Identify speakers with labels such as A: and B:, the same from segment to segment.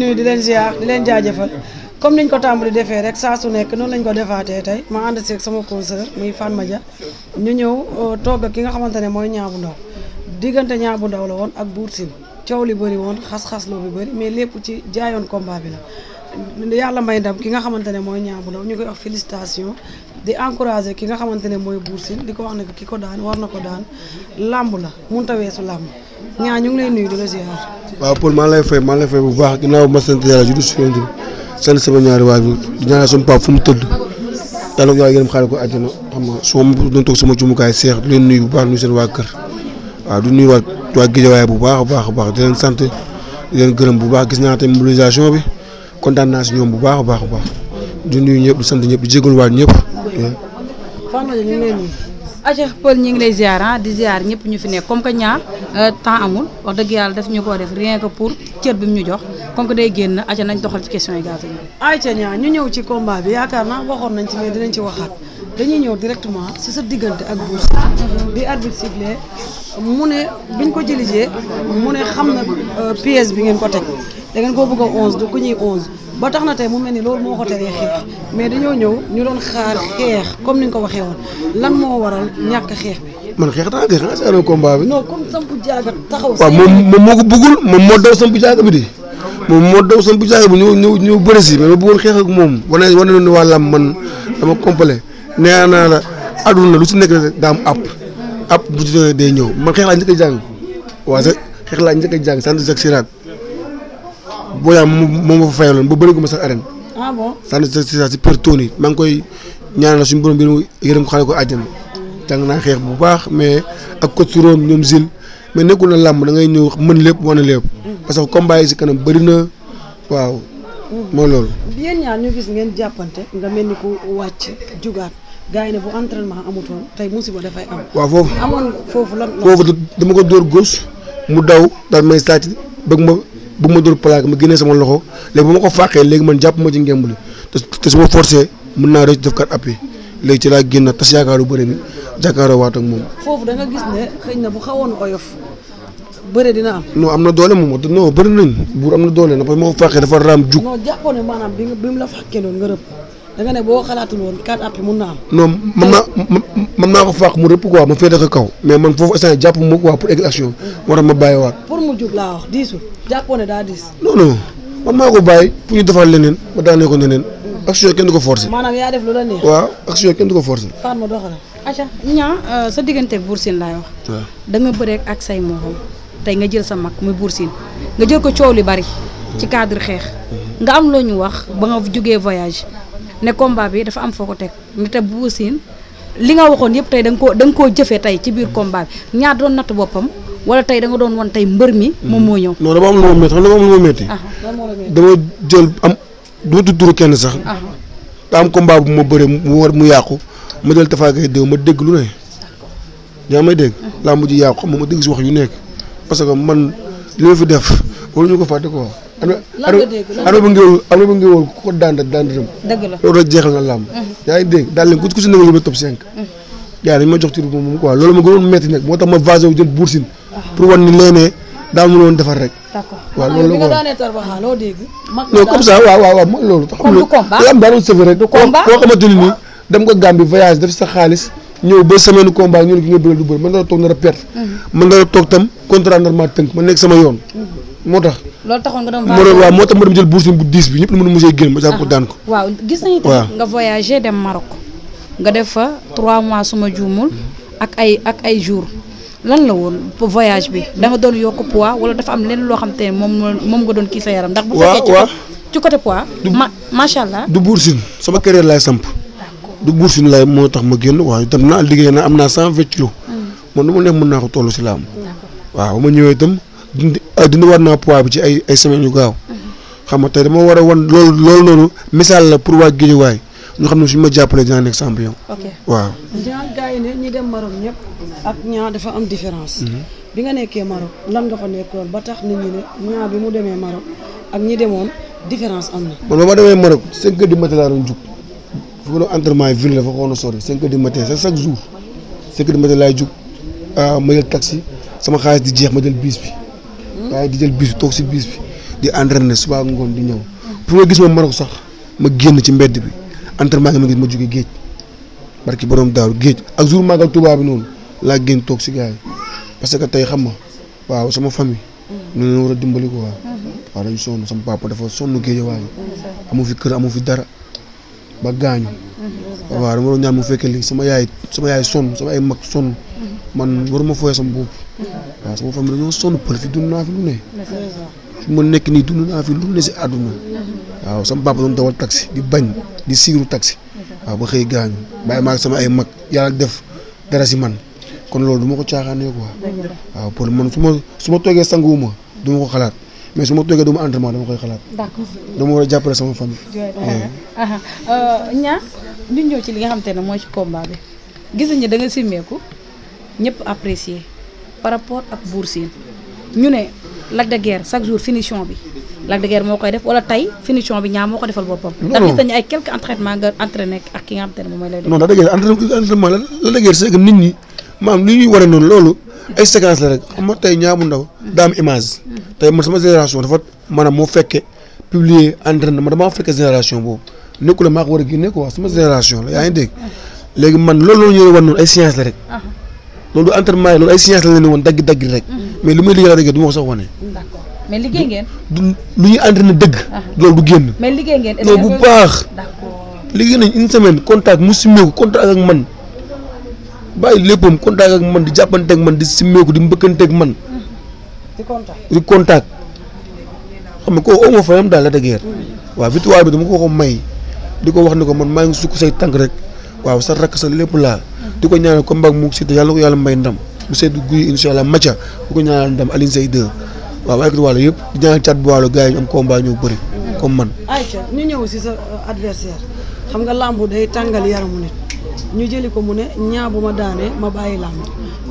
A: nuyu di leen ziar di jaajëfal comme niñ ko tàmbali defee rek saa su nekk noonu lañ ko defaatee tey ma ànd seeg sama consœur muy Fatma Dia ñu ñëw euh, togg ak ki nga xamante ne mooy Niang bu Ndaw diggante Niang bu Ndaw la woon ak Bour Sine coow li bëri woon xas-xas loo bi bëri mais lépp ci jaayoon combat bi la yàlla may ndam ki nga xamante ne mooy Niang Ndaw ñu koy wax félicitation di encourager ki nga xamante ne mooy Bour Sine di ko wax ne ki ko daan war na ko daan làmb la mun ta weesu làmb
B: waaw Paul maa lay fay maa lay fay bu baax ginnaaw ma sant yàlla juddu si yéen sant sama ñaari waajur di ñaanal sama papa fu mu tëdd yàlla yàlla xaare ko àjjana xam nga su ma doon toog sama jumukaay seex di leen nuyu bu baax nuyu seen waa kër waaw du nuyu waa bu baax a baax a baax di leen sant di gërëm bu baax gis naa tamit mobilisation bi kontaan naa si ñoom bu baax a baax baax du nuyu ñëpp di sant ñëpp di jégaluwaat ñëpp.
C: aja pël ñu ngi lay ziar ah, di ziar ñëpp ñu fi nekk comme que ñaar euh, temps amul wax dëgg yàlla def ñu koo def rien que pour cër bi mu ñu jox comme que day génn aja nañ doxal ci question yi gàtt yi.
A: ayca ñaar ñu ñëw ci combat bi yaakaar naa waxoon nañ ci mais dinañ ci waxaat dañuy ñëw directement si sa diggante ak Bour Sine bi arbitre mu ne biñ ko jëlijee mu ne xam na euh, pièce bi ngeen ko teg da koo bëgg a du ku ñuy 11. ba tax na tey mu mel ni loolu mais ñëw ñu doon comme ni ko waxee woon lan moo waral ñàkk xeex bi. man xeex moom moo ko
B: bëggul moom moo daw sampu jaaga bi di moom moo daw sampu jaaga bi ñëw ñëw ñëw bëre si ma bëggoon xeex ak moom wane wane nañu wàllam man dama complet nee naa la aduna lu si nekk daam app app bu ñëw man xeex njëkk a jàng waaw xeex laa njëkk a jàng booyaa moom ma fa fayaloon ba bërigu ma sax arène ah bon sànni si si per toon yi koy ñaanal suñu borom bi yërëm ko xale ko àjjana jàng naa xeex bu baax mais ak coach Room ñoom zil mais nekkul na làmb da ngay ñëw mën lépp wane lépp parce que combat yi si kanam bëri na waaw
A: mooy loolu yéen ñaar gis ngeen jàppante nga mel ni ku wàcc jugaat gars yi ne bu entraînement amutoon tey musiba dafay am waaw foofu amoon foofu lan foofu
B: dama ko door gauche mu daw daal may sàcc bëgg ma bu ma dóor plaque ma génnee sama loxo léegi bu ma ko fàqee léegi man jàpp ma ci ngemb li te su ma forcé mën naa rëcc def kat appui léegi ci laa génn tas yaakaaru bëre bi jàkkaaroo waat ak moom.
A: foofu da nga gis ne xëy na bu xawoon oyof bëre dina am.
B: non am na doole moom non bëri nañ buur am na doole na parce que moo fàqee dafa raam jug. non
A: jàppoon ne maanaam bi mu la fàqee noonu nga rëpp da ne boo xalaatul woon quatre appuis mun na am.
B: non man maa man ko fàq mu rëpp quoi ma féete ko kaw mais man foofu instant jàpp ma quoi pour egg action moo tax ma bàyyiwaat.
A: pour mu jug ne daa diis. non
B: non man maa ko bàyyi pour ñu defal leneen ma daanee ko leneen. action kenn du ko forcer.
C: maanaam yaa def lu la neex. waaw
B: action kenn ko forcer.
C: Fatou ma doxala. atia ñaa euh, sa diggante Bour Sine laay wax. waaw da nga ak say morom tey nga jël sa mag muy Bour Sine nga jël ko coow li bari. ci cadre xeex. nga am loo ñu wax ba nga jógee voyage. ne combat bi dafa am foo ko teg ne te Bouba Sine li nga waxoon yëpp tey da nga koo da nga koo jëfee tey ci biir combat bi ñaar doon natt boppam wala tey da nga doon wan tey mbër mi. moom moo ñëw. non dama am lu ma métti xam dama am lu ma métti. Ah, dama
B: jël am du ma tudd kenn sax. Ah. daa am combat bu ma bëree mu war mu yàqu ma jël Tapha Gueye déw ma dégg lu ne. yaa may dégg. Ah. laa mujj yàqu xam ma dégg si wax yu nekk parce que man li ma fi def waruñu ko fàtte quoi. lan nga dégg lan nga dégg arme bu ngéwél la loolu rek jeexal na làmb. Mhm. yaa ngi dégg daal léegi ku mhm. ma ci ruubu moom loolu moo tax ma vasé wu jël buur sin pour wan ni léeg-léeg daal mënoon defar
A: ah, loolu la ko xam
B: nga daa doon sëfë rek. koo xamante ni ah. dem ko Gambie voyage def sa xaalis. ñëw ba semaine combat ñu ne ki nga bëgg du bëri mën nga toog nar a perte. mën mhm. nga toog tam contrat normal tënk ma nekk sama yoon. moo tax
C: loolu taxoon nga doon vacances waaw moo tax ma dem
B: jël bourse bu diis bi ñëpp mënu
C: ma nga def fa 3 mois suma juumul ak ay ak ay jours lan la woon voyage bi da doon yokk poids wala dafa am lenn loo xam te ne moom moom nga doon kii sa yaram. bu fekkee ci côté poids. ma macha allah. du
B: Boursine sama carrière laay samp. du Boursine laay moo tax ma génn waaw itam naa liggéey na am naa 120 kilos. Mm. man lu ma naa ko toll si laa am. waaw ba ma ñëwee itam. dindi dindi war naa poids bi ci ay ay semaines yu gaaw. xam nga tey dama war a wan loolu loolu noonu misaal la pour waa Guédiawaye ñu xam ne suñu ma jàppalee dinaa nekk champion.
A: ok waaw. ñaar gars yi ne ñi dem Maroc ñëpp ak ñaar dafa am différence. Mhm. bi nga nekkee Maroc lan nga fa nekkoon ba tax nit ñi ne ñaar bi mu demee Maroc ak ñi demoon différence am na. man ba ma demee Maroc
B: 5 heures du matin laa doon jug fu ma doon entraînement yi ville dafa xawoon a sori 5 heures du matin chaque jour 5 heures du matin laay jug ah, ma sama xaalis di jeex ma jël bus bi. waaye di jël bis toog si biis bi di entraîné suba ngoon di ñëw pour nga gis ma Maroc sax ma génn ci mbedd bi entre nga ma gis ma jóge géej barki borom daaru géej ak jour màggal Tuubaa bi noonu laa génn toog si gars yi parce que tey xam ma waaw sama famille. Mm-hmm. ñu ne war a dimbali ko waaw. Mm-hmm. waaw dañu sonn sama papa dafa sonn géej waaye mm-hmm. amu fi kër amu fi dara. ba gaañu. waaw dama doon ñaan mu fekkee lii sama yaay sama yaay sonn sama ay mag sonn. man waruma fooyee sama bopp. waaw sama famille dañoo sonn pël fi dund naa fi lu ne. nekk nii dund naa fi lu ne si àdduna. waaw sama papa doon dawal taxi di bañ di siiru taxi. waaw ba xëy gaañu bàyyi ma ak sama ay mag yàlla def dara si man kon loolu du ma ko caaxaanee quoi. waaw pël man su ma su ma toogee sanguwuma du ko xalaat. mais su ma toogee duma entraînement dama koy xalaat. dama war a jàppale sama famille.
C: ñaa euh, ñu ñëw ci li nga xam te ne mooy ci combat bi gis nañu da simmeeku ñëpp apprécier par rapport ak Bour Sine ñu ne Lac de Guiers chaque jour finition bi Lac de moo koy def wala tey finition bi ñaa moo ko defal boppam. non ndax gis nañu ay quelques entraînements nga entraîné ak ki nga xam te ne moom lay. non
B: Lac de Guiers entraînement la Lac de nit ñi maanaam li ñuy waree noonu loolu ay séquences la rek xam nga tey ñaa ndaw daa am tey man sama génération dafa maanaam moo fekkee publier entraînement damaa fekke génération boobu nekkul maa ko war a génne quoi sama génération la yaa ngi dégg léegi man loolu la ñu war noonu ay science la rek. loolu du entraînement yi loolu ay science la leen woon dagg dagg rek. Mhm. mais li ma ko sax wane.
C: d'accord mais liggéey ngeen.
B: du lu ñuy entraîné dëgg. loolu du génn.
C: mais liggéey bu baax. d'accord
B: liggéey nañ une contact mu simmeeku contact ak man bàyyi léppam contact ak man di jàppanteeg man di simmeeku di mbëkkanteeg man. di contact xam nga koo oo ma fayam daal la de guerre waaw victoire bi dama ko ko may di ko wax ni ko man maa ngi sukk say tànk rek waaw sa rakk sa lépp laa di ko ñaanal combat mu ngi Siteu yàlla ko yàlla may ndam bu sedd guy incha allah macha bu ko ñaanal ndam Alioune Seye 2 yëpp di ñaanal cat yi ñu am combat ñoo bëri man.
A: ayca ñu ñëw si sa adversaire xam nga làmb day tàngal yaramu nit ñu jëli ko mu ne ñaa bu ma daanee ma bàyyi làmb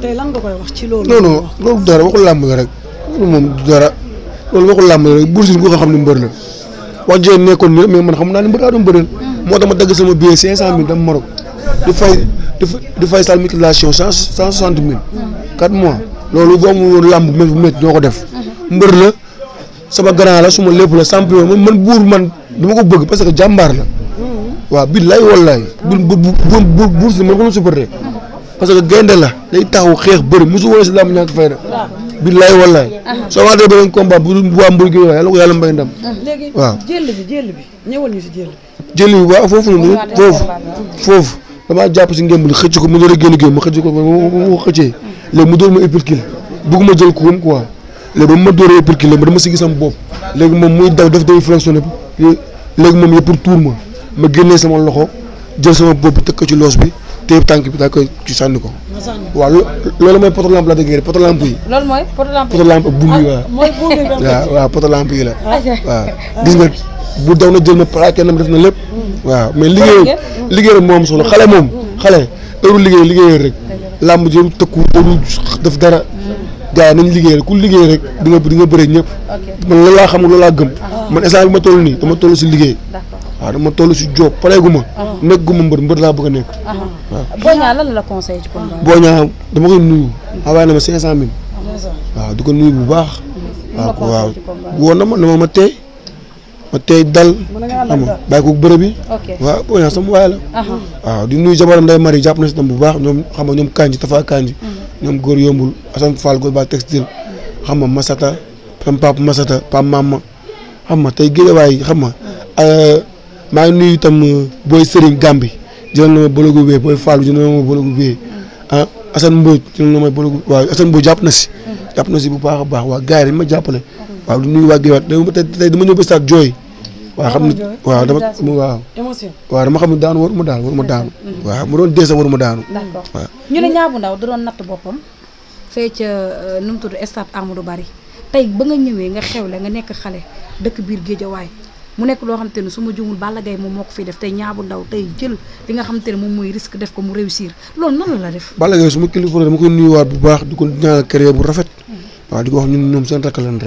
A: tey lan koy wax ci loolu. non non
B: loolu dara waxul làmb la rek. loolu moom dara loolu waxul làmb rek Bour ko xam ne mbër la wax jee nekkoon nii mais man xam naa ne mbër laa moo tax ma dagg sama billet cinq cent mille dem Maroc di fay di fay sa mutilation cent soixante mois loolu boo amul woon làmb doo ko def mbër la sama grand la suma lépp la champion man man buur man dama ko bëgg parce que jàmbaar la waaw billaay wallaay bu man ko doon supporter parce que gaynde la day taxaw xeex bëri mosu wala si làmb ñàkk fayda billaay wallaay soo waatee beneen combat bu waa mbur gi yàlla ko yàlla mbay ndam
A: ah, léegi waaw jël bi jël bi ñëwal si jël bi
B: jël bi waaw foofu noonu foofu foofu damaa jàpp si ngémb li xëcc ko mu door a génn génn ma xëcc ko ma xëccee léegi mu door ma épirkil bugguma jël koom quoi léegi ba mu ma door a épirkil ma si gis sama léegi moom muy daw daf day flexionné léegi moom yëpp pour tuur ma ma génnee sama loxo jël sama bopp bi teg ko ci loos bi te tànk bi daa koy ci sànni ko. waaw loolu mooy poto lampe la dëgg poto lampe yi.
C: loolu mooy poto lampe poto
B: lampe buum ah, yi waaw.
C: mooy buum yi waaw
B: waaw poto lampe yi la. Ah, waaw gis nga bu daw na jël na plaqué na def na lépp. Mm. waaw mais liggéeyam mm. liggéeyam moom soxla mm. xale moom. xale heure liggéey rek rek. làmb jëm tëkku warul def dara. gars yi nañ liggéey rek ku liggéey rek di nga di nga bëree ñëpp. man loolu laa xamul loolu laa gëm. Ah. man instant bi ma toll nii dama toll si liggéey. waaw dama toll si jóob pareegu ma. Ah. nekk gu ma mbër laa bëgg nekk. Ah. waaw
C: Boña lan la conseil ci hmm.
B: na ma 500000. Ah, waaw di nuyu bu baax.
A: Hmm. waaw waaw woon na ma
B: dama ma tey ma tey dal. xam nga bàyyi bërëb yi. waaw Boña sama waay la. waaw di nuyu jabaram day mari jàpp na si tam bu baax ñoom xam nga ñoom Kanji Tafa Kanji. Hmm. ñoom góor yombul Assane Fall góor ba textile xam Masata sama papa Masata tey géejawaay xam nga. maa ngi nuyu itam euh, booy Serigne Gambi jëlal na ma bologu bee booy Fallou jëlal na ma bologu bee ah Assane Mbodj jëlal na ma jàpp na si. jàpp na si bu baax a baax waa gars yi dañ ma jàppale. waaw du nuyu waa Géewaat tey dama ñëw ba stade jooy. waaw xam ne waaw dama waaw. waaw dama xam ne daanu waruma daanu waruma daanu. Mm-hmm. waaw mu doon dee sax waruma daanu. d'accord
C: ñu ne Niang bu Ndaw da doon natt boppam. fee ca euh, nu mu tudd stade du bari tey ba nga ñëwee nga xew xewle nga nekk xale dëkk biir Géejawaay mu nekk loo xamante ne su ma juumul Balla Gaye moom moo ko fiy def tey ñaabu ndaw tey jël li nga xamante ne moom mooy risque def ko mu réussir loolu nan la la def Balla
B: Gaye su ma kilifa la dama ko nuyuwaat bu baax di ko ñaanal carrière bu rafet
C: mm-hmm.
B: waaw di ko wax ñun ñoom seen rakk lan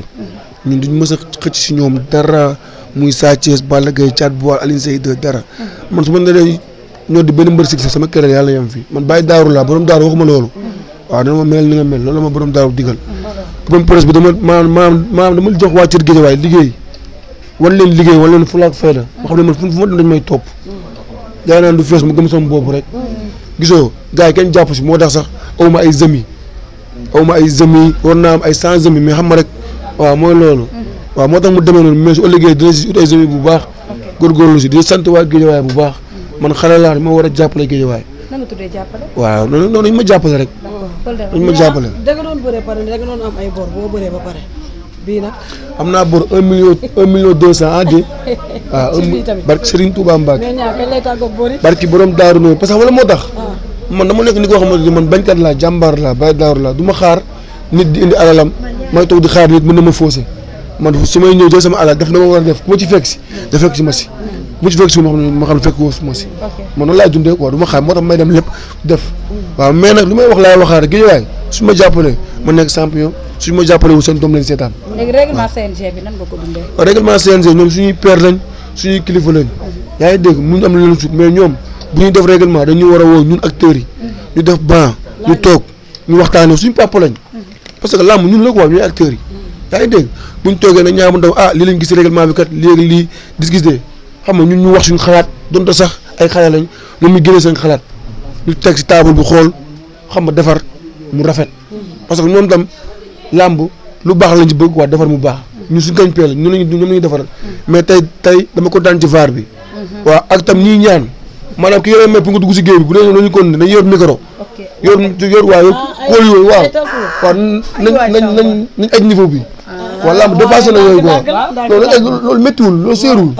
B: mm-hmm. a dara muy Sa Thiès mm-hmm. man su ma nee di benn mbër si sax yàlla yem fii man bàyyi daaru laa borom daaru waxuma loolu waaw dama mel ni nga mel loolu la ma borom daaru digal borom presse bi dama maam maanaam dama jox waa cër géejawaay liggéey wan leen liggéey wan leen fulaak fayda ma mm. xam ne man fu ma dem dañ may topp mm. gars yi naan du fees mu gëm sama boobu rek mm. gisoo gars yi kenn jàpp si moo tax sax aw ma ay zëmi aw ma ay zëmi war naa am ay cent zëmi mais xam ma rek waaw moo tax mu demee noonu mais su ëllëgee dina si ut ay zëmi bu baax góorgóorlu si di sant waa Géejawaay bu baax man xale laa ma war a jàppale Géejawaay
A: la tuddee jàppale.
B: waaw non non dañ ma jàppale rek.
A: Oh, dañ ma jàppale. da nga doon bëree pare da nga doon am ay bor bii nag.
B: am naa bor un million un million deux cent ah de.
A: Ah, ci biir tamit waaw
B: barki Serigne Touba Mbacke.
A: mais ñaar kañ lay tàggoog bor
B: yi. Daaru Nooy parce que wala moo tax. Ah. man dama nekk ni koo xamante ni man bañkat laa jàmbaar laa bay daaru laa du ma xaar nit di indi alalam may toog di xaar nit mun na ma faussé man su may ñëw jël sama alal def na ma war a def ku ma ci fekk si. da fekk si ma si. mu ci fekk si ma xam ne ma xam ne fekk woof ma si man noonu laay dundee quoi du ma moo tax may dem lépp def waaw mais nag lu may wax laay waxaar Guédiawaye suñu ma jàppalee ma nekk champion suñu ma jàppalee wu seen doom lañ seetaan
C: léegi règlement CNG bi nan nga ko dundee
B: règlement CNG ñoom suñuy père kilifa lañ yaa ngi dégg mun am leen sut mais ñoom bu ñuy def règlement dañuy war a woo ñun acteurs yi ñu def ban ñu toog ñu waxtaanee su papa lañ
A: mm-hmm.
B: parce que làmb ñun la quoi ñooy acteurs yi mm-hmm. yaa ngi dégg buñ toogee nag ñaar mu ndaw ah lii lañ gis règlement bi kat léegi lii gis-gis xam nga ñun ñu wax suñu xalaat donte sax ay xalaat lañ moom mi génne seen xalaat ñu teg si table bu xool xam nga defar mu rafet parce que ñoom tam làmb lu baax lañ ci bëgg waa defar mu baax ñu suñ kañ peel ñun ñu ñoom lañu defaral mais tey tey dama ko daan ci vaar bi waaw ak tam ñuy ñaan maanaam ki yore may pour nga dugg si géew bi bu dee dañu kon dañu yor micro yoor yor waaw yor ah, kóol yooyu waaw waaw nañ nañ nañ nañ aj niveau bi wala mu dépassé la yooyu quoi loolu loolu méttiwul loolu séerul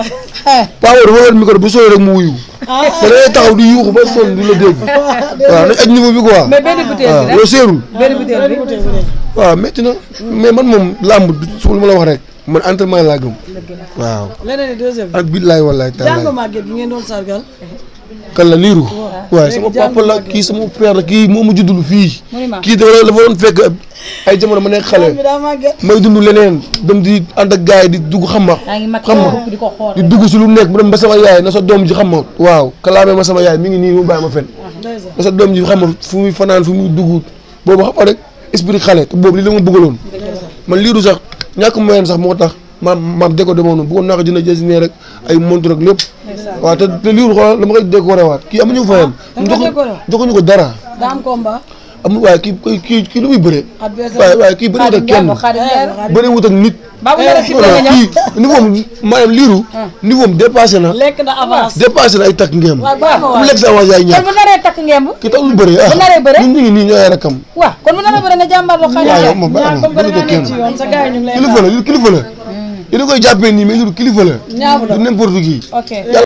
B: paa boobu dafa yor micro bu sooy rek mu wuyu
A: ah. te day taxaw
B: di yuuxu ba sonn du la dégg
A: ah, waaw nañ aj niveau bi quoi waaw ah, loolu séerul
B: waaw na mais man moom làmb su lu ma la wax rek man entraînement laa gëm waaw ak billaay wallaay taala
A: kan la niiru waaye sama papa kii sama
B: père la kii moo ma juddul fii
C: kii dafa dafa
B: doon fekk ay jamono ma nekk xale may dund leneen dem di ànd ak gars yi di dugg xam ma
C: xam ma di dugg
B: si lu nekk mu dem ba sama yaay na sa doom ji xam ma waaw kalaamee ma sama yaay mi ngi nii mu bàyyi ma fen ah, na sa doom ji xam ma fu muy fanaan fu muy dugg boobu xam rek esprit xale te boobu lii la ma bëggaloon man liiru sax ñàkk moyen sax moo tax maam maam déko demoonu bëggoon naa ko jënd jësinee rek ay montre rek lépp waaw te te liiru xoolal dama koy décoré waat kii amuñu fayam ah, joxuñu ko dara daa am amul waaye kii kii kii lu muy bëree. waaye waaye kii bëriwut ak kenn bëriwut ak nit. kii niveau am maanaam liiru. Ah. niveau am dépassé na. lekk na avance ah, dépassé na ay takk ngeem. waaw lekk sa avance yaay ñaar kon bu
C: naree takk ngeem. ki tax lu bëree ah bu naree bëree
B: ñun ñu ngi nii ñooy rakam.
C: waaw kon bu naree bëree nga jàmbaarloo xale. waaw moom baax na bëriwut ak kenn kilifa la
B: kilifa la. Hmm. yéen a koy jàppee nii mais loolu kilifa la. du n'importe
A: qui.